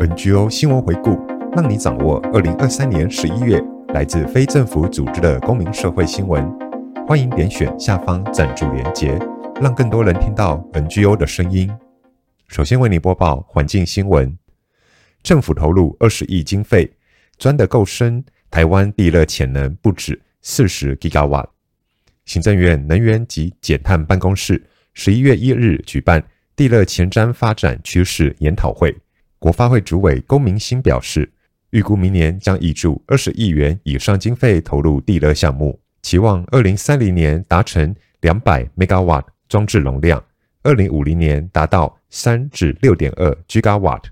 NGO 新聞回顧，讓你掌握二零二三年十一月來自非政府組織的公民社會新聞。歡迎點選下方贊助連結，讓更多人聽到 NGO 的聲音。首先為您播報環境新聞：政府投入二十億經費，鑽得夠深，台灣地熱潛能不止四十 gigawatt。行政院能源及減碳辦公室十一月一日舉辦地熱前瞻發展趨勢研討會。國發會主委龔明鑫表示，預估明年將挹注二十億元以上經費投入地熱項目，期望二零三零年達成兩百 megawatt 裝置容量，二零五零年達到三至六點二 gigawatt。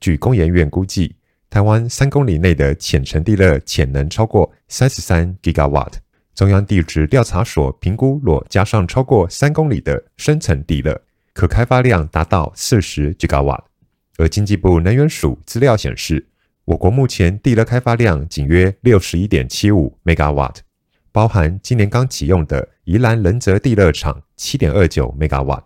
據工研院估計，台灣三公里內的淺層地熱潛能超過三十三 gigawatt。中央地質調查所評估，若加上超過三公里的深層地熱，可開發量達到四十 gigawatt。而經濟部能源署資料顯示，我國目前地熱開發量僅約六十一點七五兆瓦，包含今年剛啟用的宜蘭仁澤地熱廠七點二九兆瓦。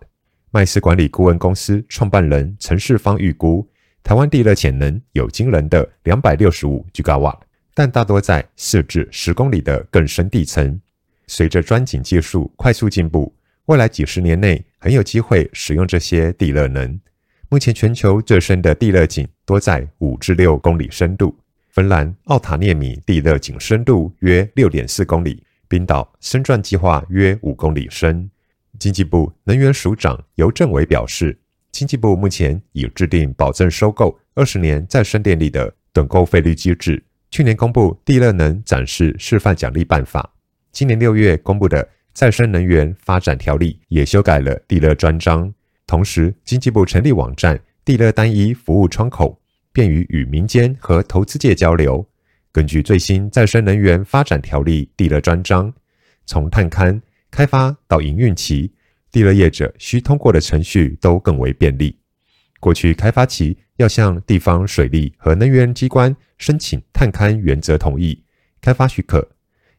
麥斯管理顧問公司創辦人陳世芳預估，台灣地熱潛能有驚人的兩百六十五吉瓦，但大多在四至十公里的更深地層。隨着鑽井技術快速進步，未來幾十年內很有機會使用這些地熱能。目前全球最深的地熱井多在五至六公里深度，芬蘭奧塔涅米地熱井深度約六點四公里，冰島深鑽計劃約五公里深。經濟部能源署長游振偉表示，經濟部目前已制定保證收購二十年再生電力的躉購費率機制。去年公布地熱能展示示範獎勵辦法，今年六月公布的再生能源發展條例也修改了地熱專章。同時，經濟部成立網站地熱單一服務窗口，便於與民間和投資界交流。根據最新再生能源發展條例地熱專章，從探勘、開發到營運期，地熱業者需通過的程序都更為便利。過去開發期要向地方水利和能源機關申請探勘原則同意、開發許可，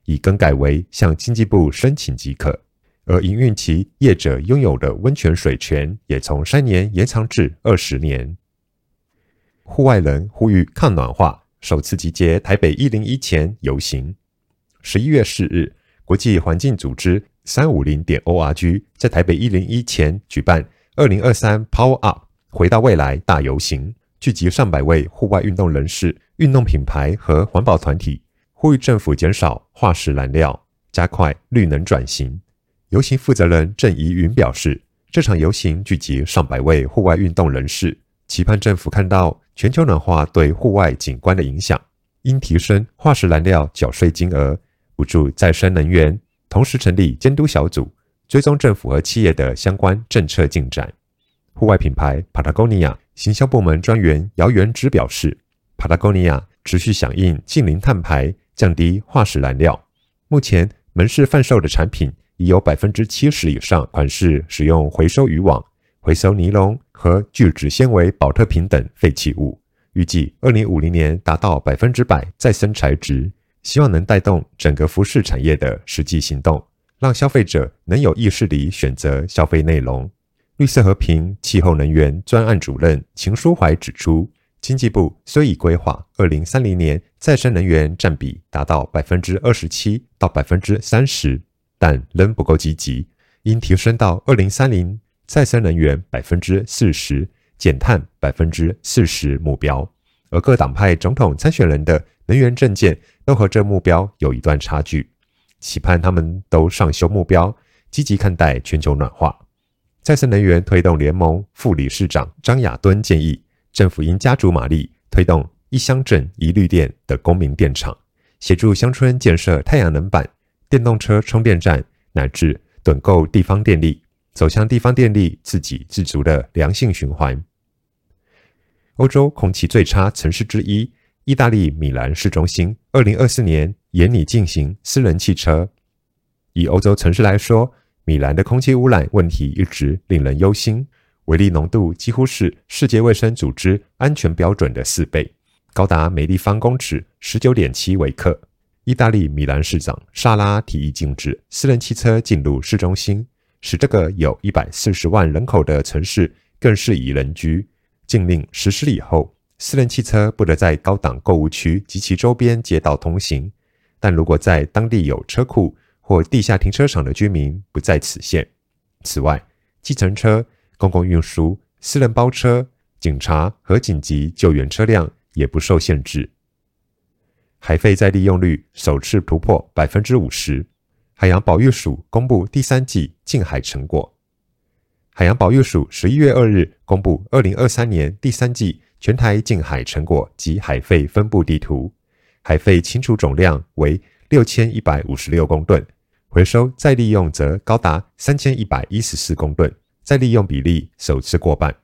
已更改為向經濟部申請即可。而營運期，業者擁有的溫泉水權也從三年延長至二十年。戶外人呼籲抗暖化，首次集結台北一零一前遊行。十一月四日，國際環境組織三五零點 O R G 在台北一零一前舉辦二零二三 Power Up 回到未來大遊行，聚集上百位戶外運動人士、運動品牌和環保團體，呼籲政府減少化石燃料，加快綠能轉型。遊行負責人鄭怡雲表示，這場遊行聚集上百位戶外運動人士，期盼政府看到全球暖化對戶外景觀的影響，應提升化石燃料繳稅金額，補助再生能源，同時成立監督小組，追蹤政府和企業的相關政策進展。戶外品牌 Patagonia 行銷部門專員姚元之表示，Patagonia 持續響應淨零碳排，降低化石燃料。目前門市販售的產品。已有百分之七十以上款式使用回收漁網、回收尼龍和聚酯纖維、寶特瓶等廢棄物。預計二零五零年達到百分之百再生材質，希望能帶動整個服飾產業的實際行動，讓消費者能有意識地選擇消費內容。綠色和平氣候能源專案主任秦書懷指出，經濟部雖已規劃二零三零年再生能源佔比達到百分之二十七到百分之三十。但仍不夠積極，應提升到二零三零再生能源百分之四十、減碳百分之四十目標。而各黨派總統參選人的能源政見都和這目標有一段差距，期盼他們都上修目標，積極看待全球暖化。再生能源推動聯盟副理事長張亞敦建議，政府應加足馬力推動一鄉鎮一綠電的公民電廠，協助鄉村建設太陽能板。電動車充電站乃至躉購地方電力，走向地方電力自給自足的良性循環。歐洲空氣最差城市之一，意大利米蘭市中心，二零二四年研擬禁行私人汽車。以歐洲城市來說，米蘭的空氣污染問題一直令人憂心，微粒濃度幾乎是世界衛生組織安全標準的四倍，高達每立方公尺十九點七微克。意大利米蘭市長薩拉提議禁止私人汽車進入市中心，使這個有一百四十萬人口的城市更適宜人居。禁令實施以後，私人汽車不得在高檔購物區及其周邊街道通行，但如果在當地有車庫或地下停車場的居民不在此限。此外，計程車、公共運輸、私人包車、警察和緊急救援車輛也不受限制。海廢再利用率首次突破百分之五十。海洋保育署公布第三季淨海成果。海洋保育署十一月二日公布二零二三年第三季全台淨海成果及海廢分布地圖。海廢清除總量為六千一百五十六公噸，回收再利用則高達三千一百一十四公噸，再利用比例首次過半，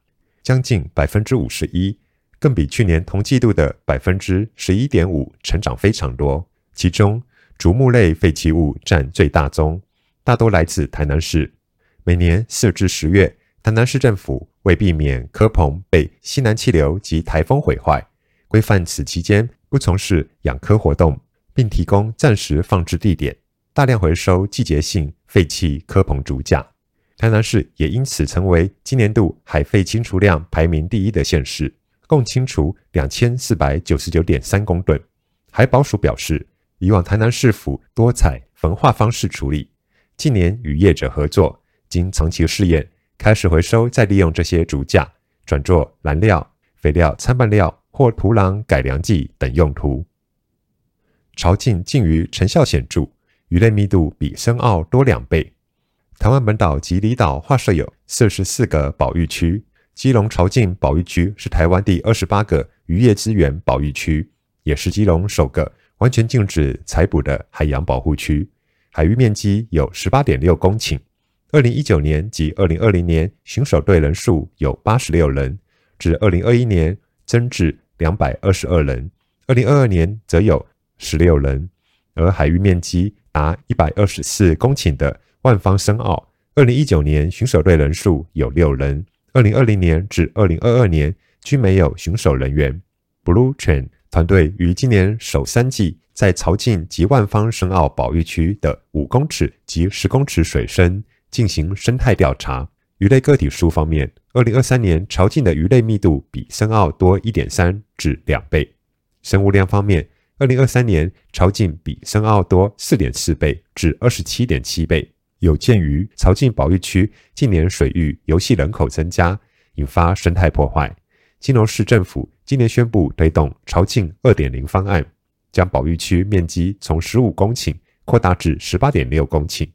將近百分之五十一。更比去年同季度的百分之十一點五成長非常多。其中，竹木類廢棄物占最大宗，大多來自台南市。每年四至十月，台南市政府為避免蚵棚被西南氣流及颱風毀壞，規範此期間不從事養蚵活動，並提供暫時放置地點，大量回收季節性廢棄蚵棚竹架。台南市也因此成為今年度海廢清除量排名第一的縣市。共清除兩千四百九十九點三公噸。海保署表示，以往台南市府多採焚化方式處理，近年與業者合作，經長期試驗，開始回收再利用這些竹架，轉做燃料、肥料、摻拌料、或土壤改良劑等用途。潮境禁漁成效顯著，魚類密度比深澳多兩倍。台灣本島及離島劃設有四十四個保育區。基隆潮境保育區是台灣第二十八個漁業資源保育區，也是基隆首個完全禁止採捕的海洋保護區。海域面積有十八點六公頃。二零一九年及二零二零年巡守隊人數有八十六人，至二零二一年增至兩百二十二人，二零二二年則有十六人。而海域面積達一百二十四公頃的萬方深澳，二零一九年巡守隊人數有六人。二零二零年至二零二二年均沒有巡守人員。Blue Chen 團隊於今年首三季在潮境及萬方深澳保育區的五公尺及十公尺水深進行生態調查。魚類個體數方面，二零二三年潮境的魚類密度比深澳多一點三至兩倍。生物量方面，二零二三年潮境比深澳多四點四倍至二十七點七倍。有鑑於潮境保育區近年水域遊憩人口增加，引發生態破壞，基隆市政府今年宣布推動潮境二點零方案，將保育區面積從十五公頃擴大至十八點六公頃，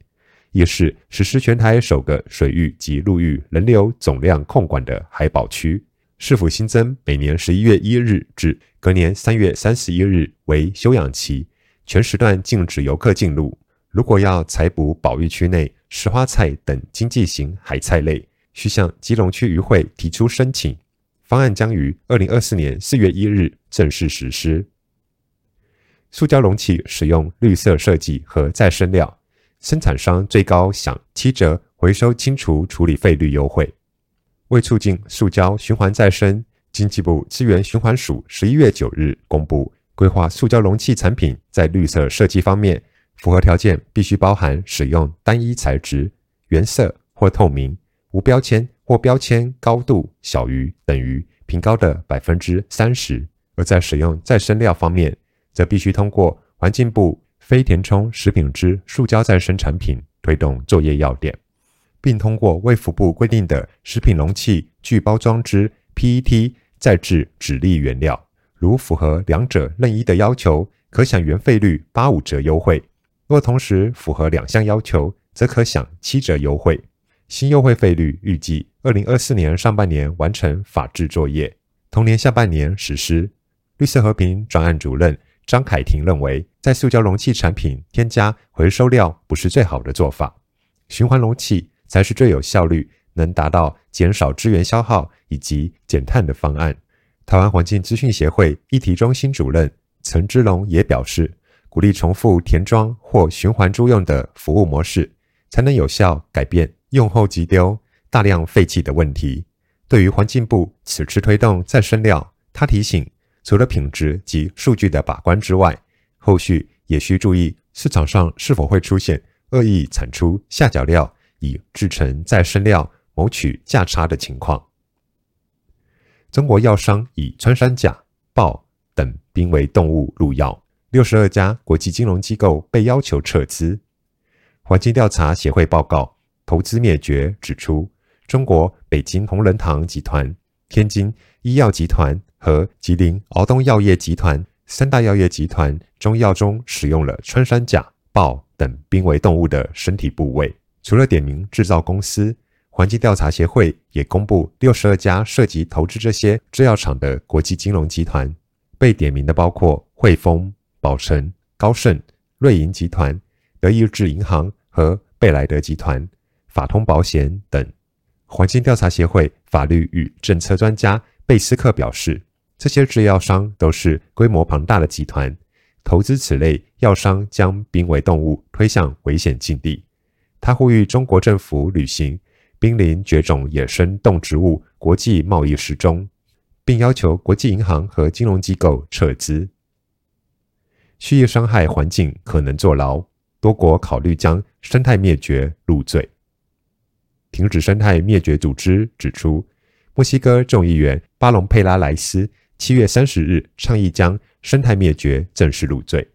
也是實施全台首個水域及陸域人流總量控管的海保區。市府新增每年十一月一日至隔年三月三十一日為休養期，全時段禁止遊客進入。如果要採捕保育區內石花菜等經濟型海菜類，需向基隆區漁會提出申請。方案將於二零二四年四月一日正式實施。塑膠容器使用綠色設計和再生料，生產商最高享七折回收清除處理費率優惠。為促進塑膠循環再生，經濟部資源循環署十一月九日公布規劃塑膠容器產品在綠色設計方面。符合條件必須包含使用單一材質、原色或透明、無標籤或標籤高度小於等於瓶高的百分之三十；而在使用再生料方面，則必須通過環境部非填充食品之塑膠再生產品推動作業要點，並通過衛福部規定的食品容器具包裝之 PET 再製酯粒原料。如符合兩者任一的要求，可享原費率八五折優惠。若同時符合兩項要求，則可享七折優惠。新優惠費率預計二零二四年上半年完成法制作業，同年下半年實施。綠色和平專案主任張凱婷認為，在塑膠容器產品添加回收料不是最好的做法，循環容器才是最有效率、能達到減少資源消耗以及減碳的方案。台灣環境資訊協會議題中心主任陳之龍也表示，鼓勵重複填裝或循環租用的服務模式，才能有效改變用後即丟、大量廢棄的問題。對於環境部此次推動再生料，他提醒，除了品質及數據的把關之外，後續也需注意市場上是否會出現惡意產出下腳料以制成再生料、謀取價差的情況。中國藥商以穿山甲、豹等瀕危動物入藥。六十二家國際金融機構被要求撤資。環境調查協會報告《投資滅絕》指出，中國北京同仁堂集團、天津醫藥集團和吉林敖東藥業集團三大藥業集團中藥中使用了穿山甲、豹等瀕危動物的身體部位。除了點名製造公司，環境調查協會也公布六十二家涉及投資這些製藥廠的國際金融集團。被點名的包括匯豐，寶誠、高盛、瑞銀集團、德意志銀行和貝萊德集團、法通保險等。環境調查協會法律與政策專家貝斯克表示，這些製藥商都是規模龐大的集團，投資此類藥商將瀕危動物推向危險境地。他呼籲中國政府履行瀕臨絕種野生動植物國際貿易時鐘，並要求國際銀行和金融機構撤資。蓄意傷害環境可能坐牢，多國考慮將生態滅絕入罪。停止生態滅絕組織指出，墨西哥眾議員巴隆佩拉萊斯七月三十日倡議將生態滅絕正式入罪。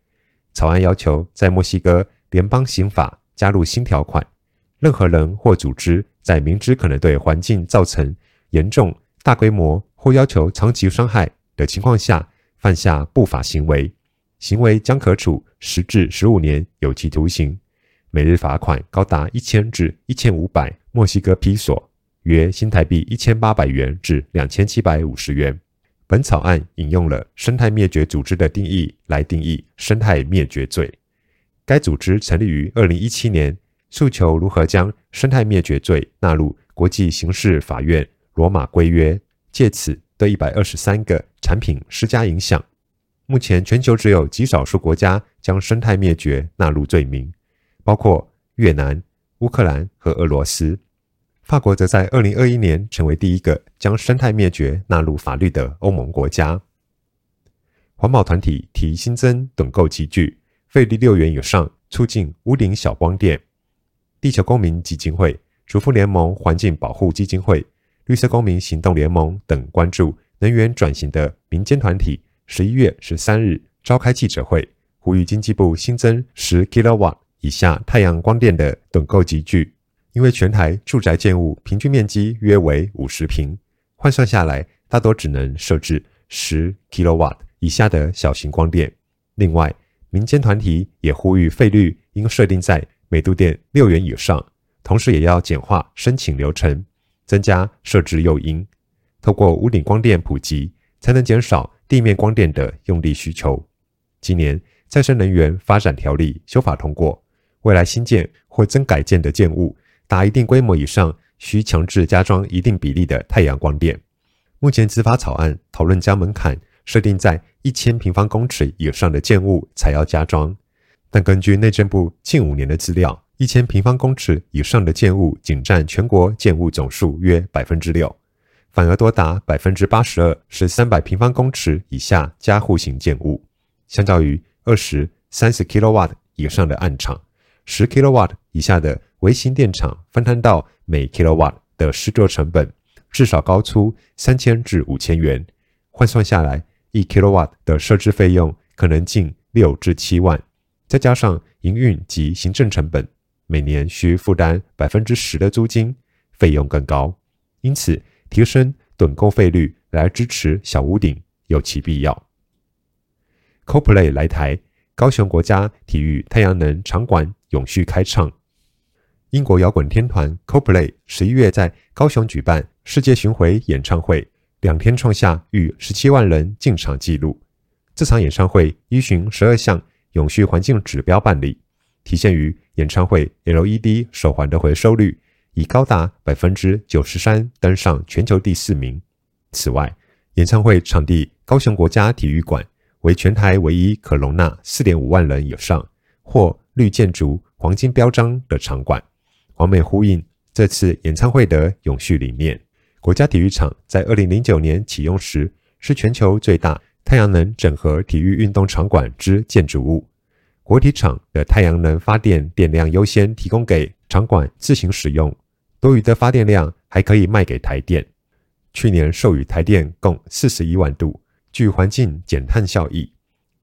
草案要求在墨西哥聯邦刑法加入新條款，任何人或組織在明知可能對環境造成嚴重、大規模或要求長期傷害的情況下，犯下不法行為。行為將可處十至十五年有期徒刑，每日罰款高達一千至一千五百墨西哥比索，約新台幣一千八百元至兩千七百五十元。本草案引用了生態滅絕組織的定義來定義生態滅絕罪。該組織成立於二零一七年，訴求如何將生態滅絕罪納入國際刑事法院羅馬規約，借此對一百二十三個產品施加影響。目前，全球只有極少數國家將生態滅絕納入罪名，包括越南、烏克蘭和俄羅斯。法國則在2021年成為第一個將生態滅絕納入法律的歐盟國家。環保團體提新增躉購級距，費率六元以上，促進屋頂小光電。地球公民基金會、主婦聯盟環境保護基金會、綠色公民行動聯盟等關注能源轉型的民間團體。十一月十三日召開記者會，呼籲經濟部新增十 kW 以下太陽光電的躉購級距，因為全台住宅建物平均面積約為五十坪，換算下來，大多只能設置十 kW 以下的小型光電。另外，民間團體也呼籲費率應設定在每度電六元以上，同時也要簡化申請流程，增加設置誘因，透過屋頂光電普及，才能減少。地面光電的用地需求。今年再生能源發展條例修法通過，未來新建或增改建的建物達一定規模以上，需強制加裝一定比例的太陽光電。目前執法草案討論將門檻設定在一千平方公尺以上的建物才要加裝，但根據內政部近五年的資料，一千平方公尺以上的建物僅佔全國建物總數約百分之六。反而多達百分之八十二是三百平方公尺以下家戶型建物，相較於二十、三十 kilowatt 以上的案場，十 kilowatt 以下的微型電廠，分攤到每 kilowatt 的施作成本至少高出三千至五千元，換算下來，一 kilowatt 的設置費用可能近六至七萬，再加上營運及行政成本，每年需負擔百分之十的租金，費用更高，因此，提升躉購費率來支持小屋頂有其必要。Coldplay 來台，高雄國家體育太陽能場館永續開唱。英國搖滾天團 Coldplay 十一月在高雄舉辦世界巡迴演唱會，兩天創下逾十七萬人進場紀錄。這場演唱會依循十二項永續環境指標辦理，體現於演唱會 LED 手環的回收率，以高達百分之九十三登上全球第四名。此外，演唱會場地高雄國家體育館為全台唯一可容納四點五萬人以上獲綠建築黃金標章的場館，完美呼應這次演唱會的永續理念。國家體育場在二零零九年啟用時，是全球最大太陽能整合體育運動場館之建築物。國體場的太陽能發電電量優先提供給場館自行使用。多餘的發電量還可以賣給台電。去年售予台電共四十一萬度，具環境減碳效益。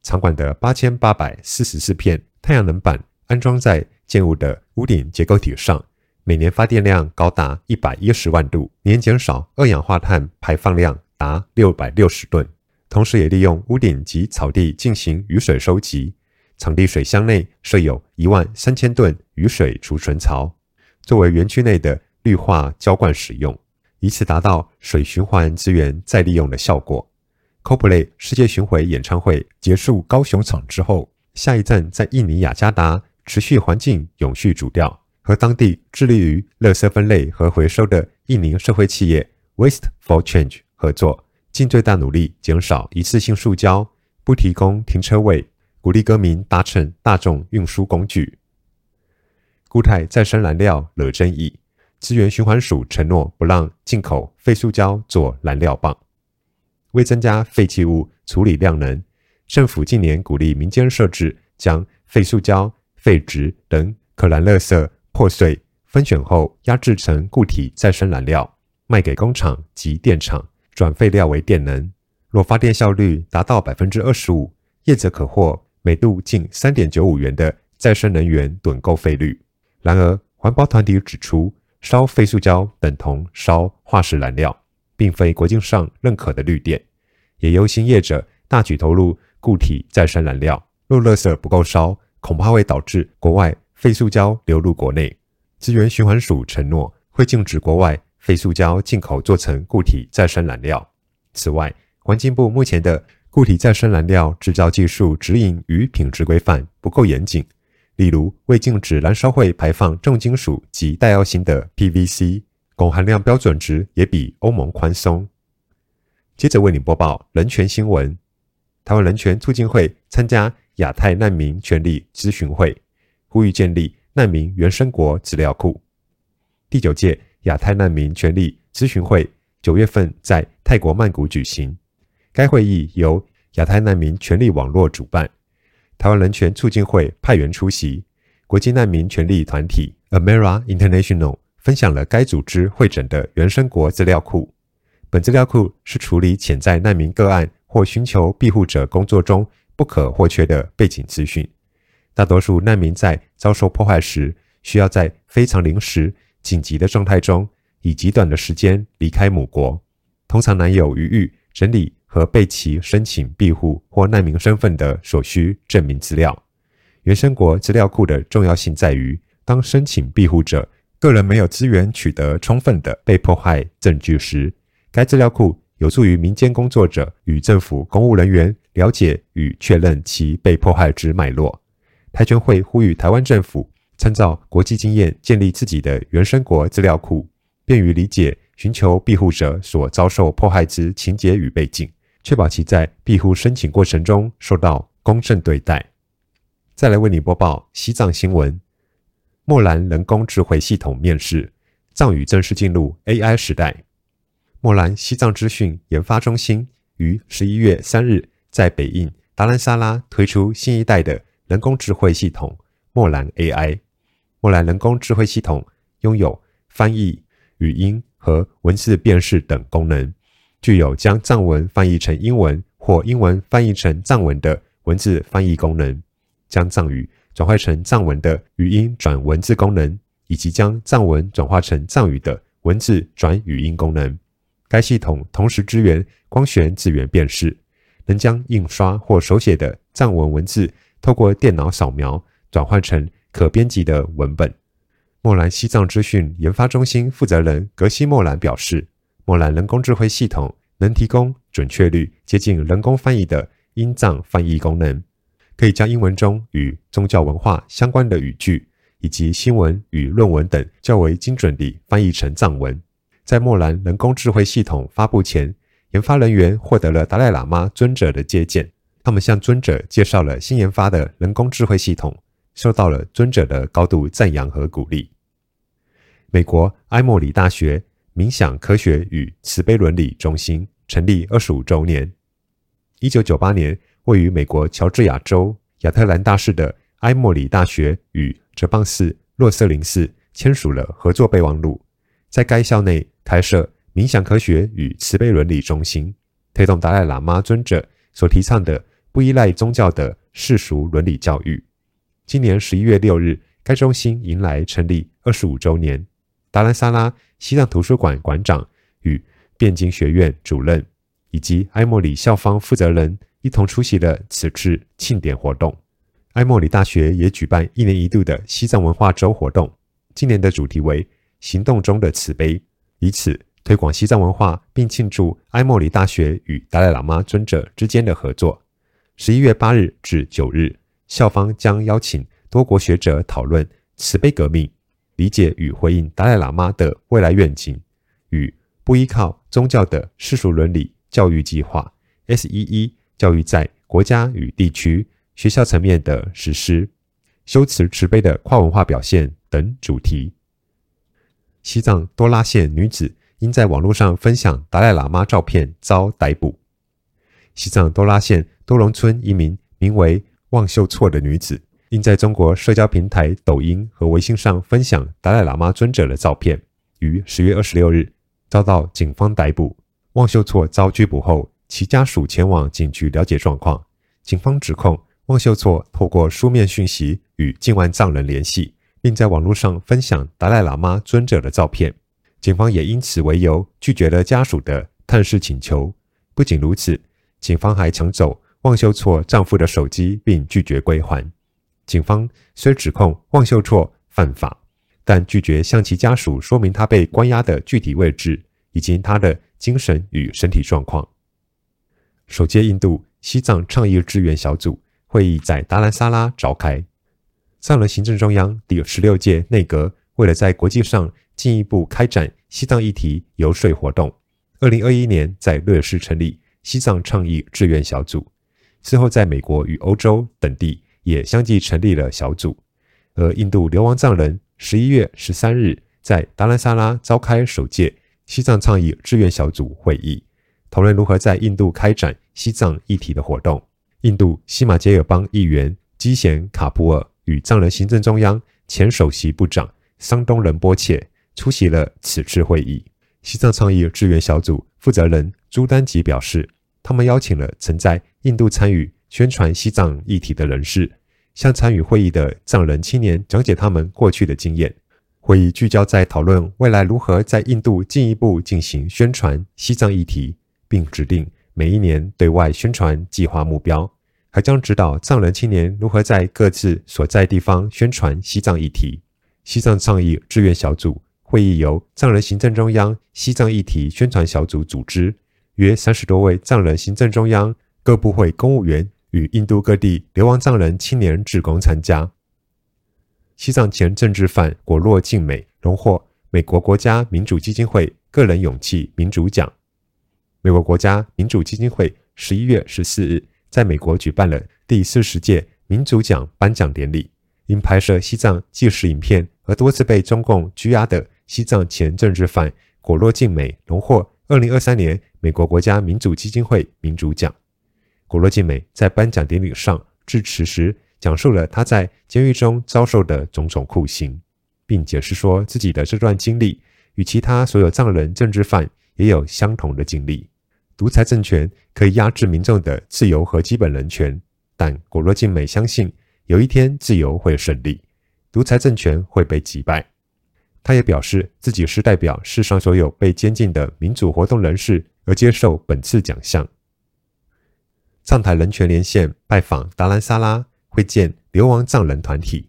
場館的八千八百四十四片太陽能板安裝在建物的屋頂結構體上，每年發電量高達一百一十萬度，年減少二氧化碳排放量達六百六十噸。同時，也利用屋頂及草地進行雨水收集，場地水箱內設有一萬三千噸雨水儲存槽，作為園區內的。綠化澆灌使用，以此達到水循環資源再利用的效果。Coldplay 世界巡迴演唱會結束高雄場之後，下一站在印尼雅加達，持續環境永續主調，和當地致力於垃圾分類和回收的印尼社會企業 Waste for Change 合作，盡最大努力減少一次性塑膠，不提供停車位，鼓勵歌迷搭乘大眾運輸工具。固態再生燃料惹爭議。資源循環署承諾不讓進口廢塑膠做燃料棒。為增加廢棄物處理量能，政府近年鼓勵民間設置將廢塑膠、廢紙等可燃垃圾破碎、分選後壓制成固體再生燃料，賣給工廠及電廠，轉廢料為電能。若發電效率達到百分之二十五，業者可獲每度近三點九五元的再生能源躉購費率。然而，環保團體指出。燒廢塑膠等同燒化石燃料，並非國際上認可的綠電。也憂心業者大舉投入固體再生燃料，若熱值不夠燒，恐怕會導致國外廢塑膠流入國內。資源循環署承諾會禁止國外廢塑膠進口做成固體再生燃料。此外，環境部目前的固體再生燃料制造技術指引與品質規範不夠嚴謹。例如，未禁止燃燒會排放重金屬及帶藥性的 PVC，汞含量標準值也比歐盟寬鬆。接着為你播報人權新聞：台灣人權促進會參加亞太難民權利諮詢會，呼籲建立難民原生國資料庫。第九屆亞太難民權利諮詢會九月份在泰國曼谷舉行，該會議由亞太難民權利網絡主辦。台灣人權促進會派員出席。國際難民權利團體 AMERA International 分享了該組織彙整的原生國資料庫。本資料庫是處理潛在難民個案或尋求庇護者工作中不可或缺的背景資訊。大多數難民在遭受破壞時，需要在非常臨時、緊急的狀態中，以極短的時間離開母國，通常難有餘裕整理和被其申請庇護或難民身份的所需證明資料。原生國資料庫的重要性在於，當申請庇護者個人沒有資源取得充分的被迫害證據時，該資料庫有助於民間工作者與政府公務人員了解與確認其被迫害之脈絡。台權會呼吁台灣政府參照國際經驗，建立自己的原生國資料庫，便於理解尋求庇護者所遭受迫害之情節與背景。確保其在庇護申請過程中受到公正對待。再來為你播報西藏新聞：莫蘭人工智慧系統面世，藏語正式進入 AI 時代。莫蘭西藏資訊研發中心於十一月三日在北印達蘭薩拉推出新一代的人工智慧系統莫蘭 AI。莫蘭人工智慧系統擁有翻譯、語音和文字辨識等功能。具有將藏文翻譯成英文或英文翻譯成藏文的文字翻譯功能，將藏語轉換成藏文的語音轉文字功能，以及將藏文轉化成藏語的文字轉語音功能。該系統同時支援光學字元辨識，能將印刷或手寫的藏文文字透過電腦掃描轉換成可編輯的文本。莫蘭西藏資訊研發中心負責人格西莫蘭表示，莫蘭人工智慧系統能提供準確率接近人工翻譯的英藏翻譯功能，可以將英文中與宗教文化相關的語句以及新聞與論文等較為精準地翻譯成藏文。在莫蘭人工智慧系統發布前，研發人員獲得了達賴喇嘛尊者的接見，他們向尊者介紹了新研發的人工智慧系統，受到了尊者的高度讚揚和鼓勵。美國埃默里大學。冥想科學與慈悲倫理中心成立二十五週年。一九九八年，位於美國喬治亞州亞特蘭大市的埃默里大學與哲蚌寺、洛瑟林寺簽署了合作備忘錄，在該校內開設冥想科學與慈悲倫理中心，推動達賴喇嘛尊者所提倡的不依賴宗教的世俗倫理教育。今年十一月六日，該中心迎來成立二十五週年。達蘭薩拉西藏圖書館館長與辯經學院主任以及埃默里校方負責人一同出席了此次慶典活動。埃默里大學也舉辦一年一度的西藏文化周活動，今年的主題為“行動中的慈悲”，以此推廣西藏文化，並慶祝埃默里大學與達賴喇嘛尊者之間的合作。十一月八日至九日，校方將邀請多國學者討論“慈悲革命”。理解與回應達賴喇嘛的未來願景與不依靠宗教的世俗倫理教育計劃 （SEE） 教育在國家與地區學校層面的實施、修持慈，慈悲的跨文化表現等主題。西藏多拉縣女子因在網絡上分享達賴喇嘛照片遭逮捕。西藏多拉縣多隆村一名名為旺秀措的女子。因在中國社交平台抖音和微信上分享達賴喇嘛尊者的照片，於十月二十六日遭到警方逮捕。旺秀措遭拘捕後，其家屬前往警局了解狀況。警方指控旺秀措透過書面訊息與境外藏人聯繫，並在網絡上分享達賴喇嘛尊者的照片。警方也因此為由拒絕了家屬的探視請求。不僅如此，警方還搶走旺秀措丈夫的手機，並拒絕歸還。警方雖指控旺秀措犯法，但拒絕向其家屬說明他被關押的具體位置以及他的精神與身體狀況。首屆印度西藏倡議志願小組會議在達蘭薩拉召開。藏人行政中央第十六屆內閣為了在國際上進一步開展西藏議題遊說活動，二零二一年在瑞士成立西藏倡議志願小組，之後在美國與歐洲等地，也相繼成立了小組。而印度流亡藏人十一月十三日在達蘭薩拉召開首屆西藏倡議志願小組會議，討論如何在印度開展西藏議題的活動。印度喜馬偕爾邦議員，議員基賢卡普爾與藏人行政中央前首席部長桑東仁波切出席了此次會議。西藏倡議志願小組負責人朱丹吉表示，他們邀請了曾在印度參與宣傳西藏議題的人士。向參與會議的藏人青年講解他們過去的經驗。會議聚焦在討論未來如何在印度進一步進行宣傳西藏議題，並指定每一年對外宣傳計劃目標，還將指導藏人青年如何在各自所在地方宣傳西藏議題。西藏倡議志願小組會議由藏人行政中央西藏議題宣傳小組組織，約三十多位藏人行政中央各部會公務員與印度各地流亡藏人青年志工參加。西藏前政治犯果洛晉美榮獲美國國家民主基金會個人勇氣民主獎。美國國家民主基金會十一月十四日在美國舉辦了第四十屆民主獎頒獎典禮，因拍攝西藏紀實影片而多次被中共拘押的西藏前政治犯果洛晉美榮獲二零二三年美國國家民主基金會民主獎。果洛晉美在頒獎典禮上致辭時，講述了他在監獄中遭受的種種酷刑，並解釋說自己的這段經歷與其他所有藏人政治犯也有相同的經歷。獨裁政權可以壓制民眾的自由和基本人權，但果洛晉美相信有一天自由會勝利，獨裁政權會被擊敗。他也表示自己是代表世上所有被監禁的民主活動人士而接受本次獎項。藏台人權連線拜訪達蘭薩拉，會見流亡藏人團體。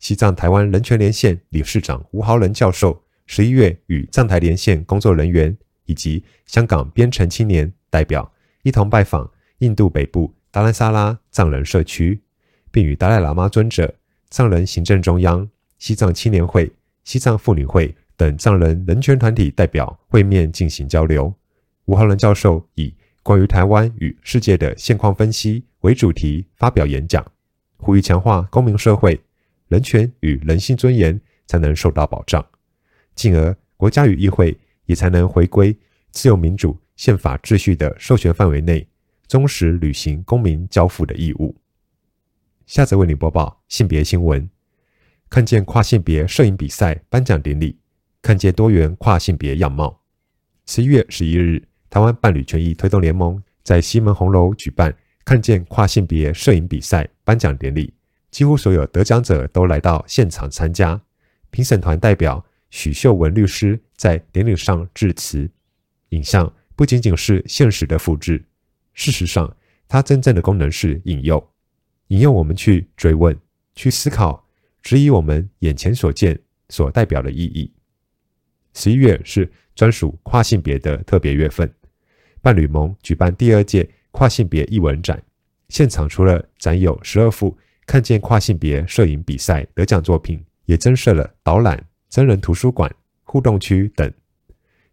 西藏台灣人權連線理事長吳豪人教授十一月與藏台連線工作人員以及香港邊城青年代表一同拜訪印度北部達蘭薩拉藏人社區，並與達賴喇嘛尊者、藏人行政中央、西藏青年會、西藏婦女會等藏人人權團體代表會面進行交流。吳豪人教授以關於台灣與世界的現況分析為主題發表演講，呼籲強化公民社會、人權與人性尊嚴才能受到保障，進而國家與議會也才能回歸自由民主憲法秩序的授權範圍內，忠實履行公民交付的義務。下則為你播報性別新聞：看見跨性別攝影比賽頒獎典禮，看見多元跨性別樣貌。十一月十一日。台灣伴侶權益推動聯盟在西門紅樓舉辦看見跨性別攝影比賽頒獎典禮，幾乎所有得獎者都來到現場參加。評審團代表許秀文律師在典禮上致辭。影像不僅僅是現實的複制，事實上，它真正的功能是引誘，引誘我們去追問、去思考、質疑我們眼前所見所代表的意義。十一月是專屬跨性別的特別月份。伴侶盟舉辦第二屆跨性別藝文展，現場除了展有十二幅看見跨性別攝影比賽得獎作品，也增設了導覽、真人圖書館、互動區等。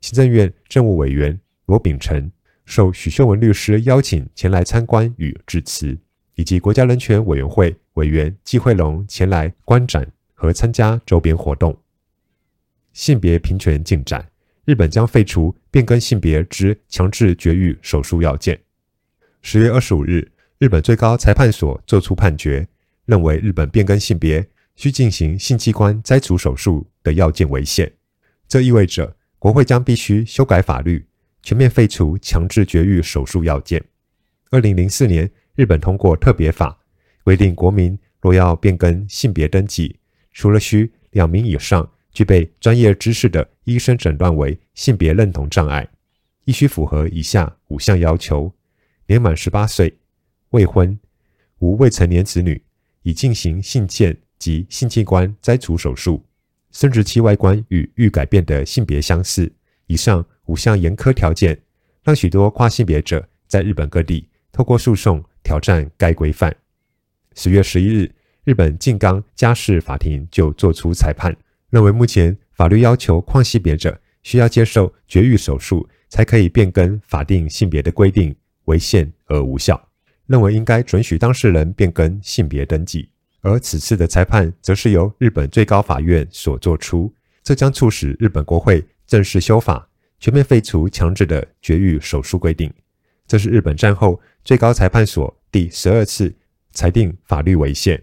行政院政務委員羅秉成受許秀雯律師邀請前來參觀與致辭，以及國家人權委員會委員紀惠容前來觀展和參加周邊活動。性別平權進展，日本將廢除變更性別之強制絕育手術要件。十月二十五日，日本最高裁判所作出判決，認為日本變更性別需進行性器官摘除手術的要件違憲。這意味着國會將必須修改法律，全面廢除強制絕育手術要件。二零零四年，日本通過特別法，規定國民若要變更性別登記，除了需兩名以上。具備專業知識的醫生診斷為性別認同障礙，必須符合以下五項要求：年滿十八歲、未婚、無未成年子女、已進行性腺及性器官摘除手術、生殖器外觀與欲改變的性別相似。以上五項嚴苛條件，讓許多跨性別者在日本各地透過訴訟挑戰該規範。十月十一日，日本靜岡家事法庭就作出裁判。認為目前法律要求跨性別者需要接受絕育手術才可以變更法定性別的規定違憲而無效，認為應該准許當事人變更性別登記。而此次的裁判則是由日本最高法院所作出，這將促使日本國會正式修法，全面廢除強制的絕育手術規定。這是日本戰後最高裁判所第十二次裁定法律違憲。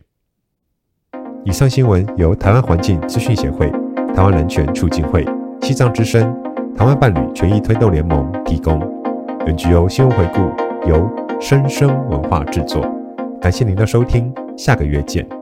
以上新聞由台灣環境資訊協會、台灣人權促進會、西藏之聲、台灣伴侶權益推動聯盟提供，本局由新聞回顧由生聲文化製作，感謝您的收聽，下個月見。